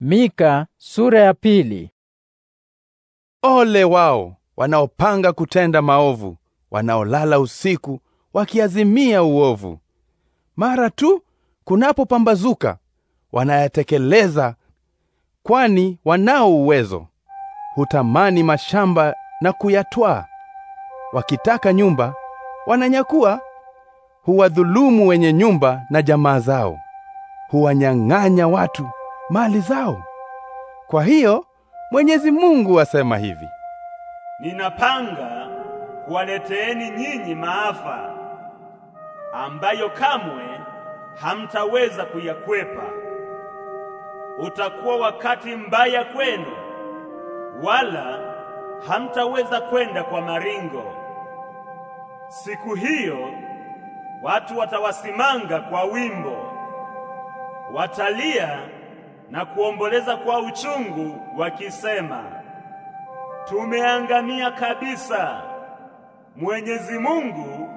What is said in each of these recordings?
Mika sura ya pili. Ole wao wanaopanga kutenda maovu, wanaolala usiku wakiazimia uovu. Mara tu kunapopambazuka wanayatekeleza, kwani wanao uwezo. Hutamani mashamba na kuyatwaa, wakitaka nyumba wananyakua. Huwadhulumu wenye nyumba na jamaa zao, huwanyang'anya watu mali zao. Kwa hiyo Mwenyezi Mungu asema hivi: Ninapanga kuwaleteeni nyinyi maafa ambayo kamwe hamtaweza kuyakwepa. Utakuwa wakati mbaya kwenu, wala hamtaweza kwenda kwa maringo. Siku hiyo watu watawasimanga kwa wimbo, watalia na kuomboleza kwa uchungu wakisema, tumeangamia kabisa. Mwenyezi Mungu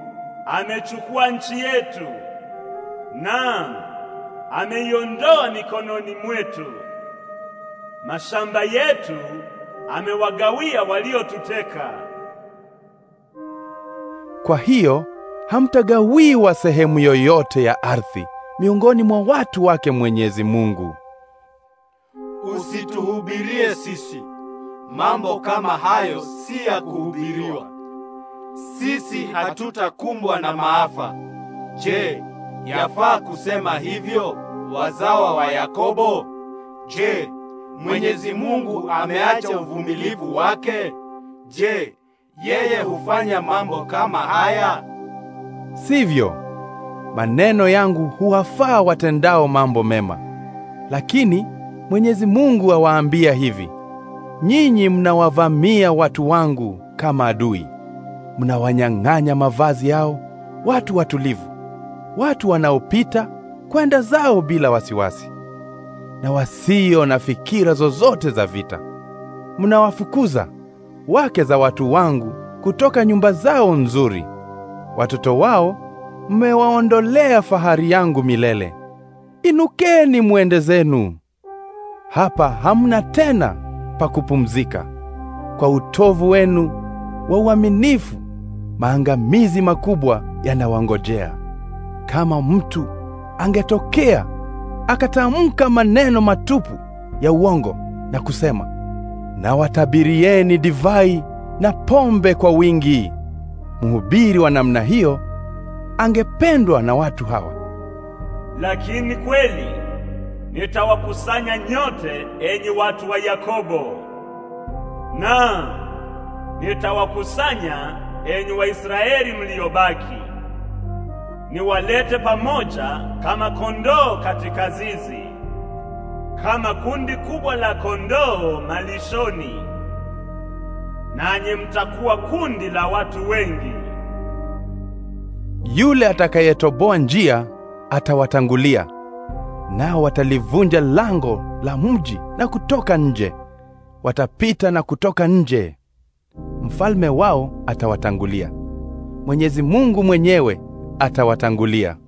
amechukua nchi yetu, naam, ameiondoa mikononi mwetu. Mashamba yetu amewagawia waliotuteka. Kwa hiyo hamtagawiwa sehemu yoyote ya ardhi miongoni mwa watu wake Mwenyezi Mungu usituhubirie sisi. Mambo kama hayo si ya kuhubiriwa. Sisi hatutakumbwa na maafa. Je, yafaa kusema hivyo, wazawa wa Yakobo? Je, Mwenyezi Mungu ameacha uvumilivu wake? Je, yeye hufanya mambo kama haya? Sivyo. Maneno yangu huwafaa watendao mambo mema, lakini Mwenyezi Mungu awaambia hivi: nyinyi mnawavamia watu wangu kama adui, mnawanyang'anya mavazi yao, watu watulivu, watu wanaopita kwenda zao bila wasiwasi na wasio na fikira zozote za vita. Mnawafukuza wake za watu wangu kutoka nyumba zao nzuri, watoto wao mmewaondolea fahari yangu milele. Inukeni mwende zenu. Hapa hamna tena pa kupumzika. Kwa utovu wenu wa uaminifu, maangamizi makubwa yanawangojea. Kama mtu angetokea akatamka maneno matupu ya uongo na kusema, na watabirieni divai na pombe kwa wingi, mhubiri wa namna hiyo angependwa na watu hawa. Lakini kweli nitawakusanya nyote enyi watu wa Yakobo, na nitawakusanya enyi Waisraeli mliobaki, niwalete pamoja kama kondoo katika zizi, kama kundi kubwa la kondoo malishoni. Nanyi mtakuwa kundi la watu wengi. Yule atakayetoboa njia atawatangulia nao watalivunja lango la mji na kutoka nje. Watapita na kutoka nje, mfalme wao atawatangulia. Mwenyezi Mungu mwenyewe atawatangulia.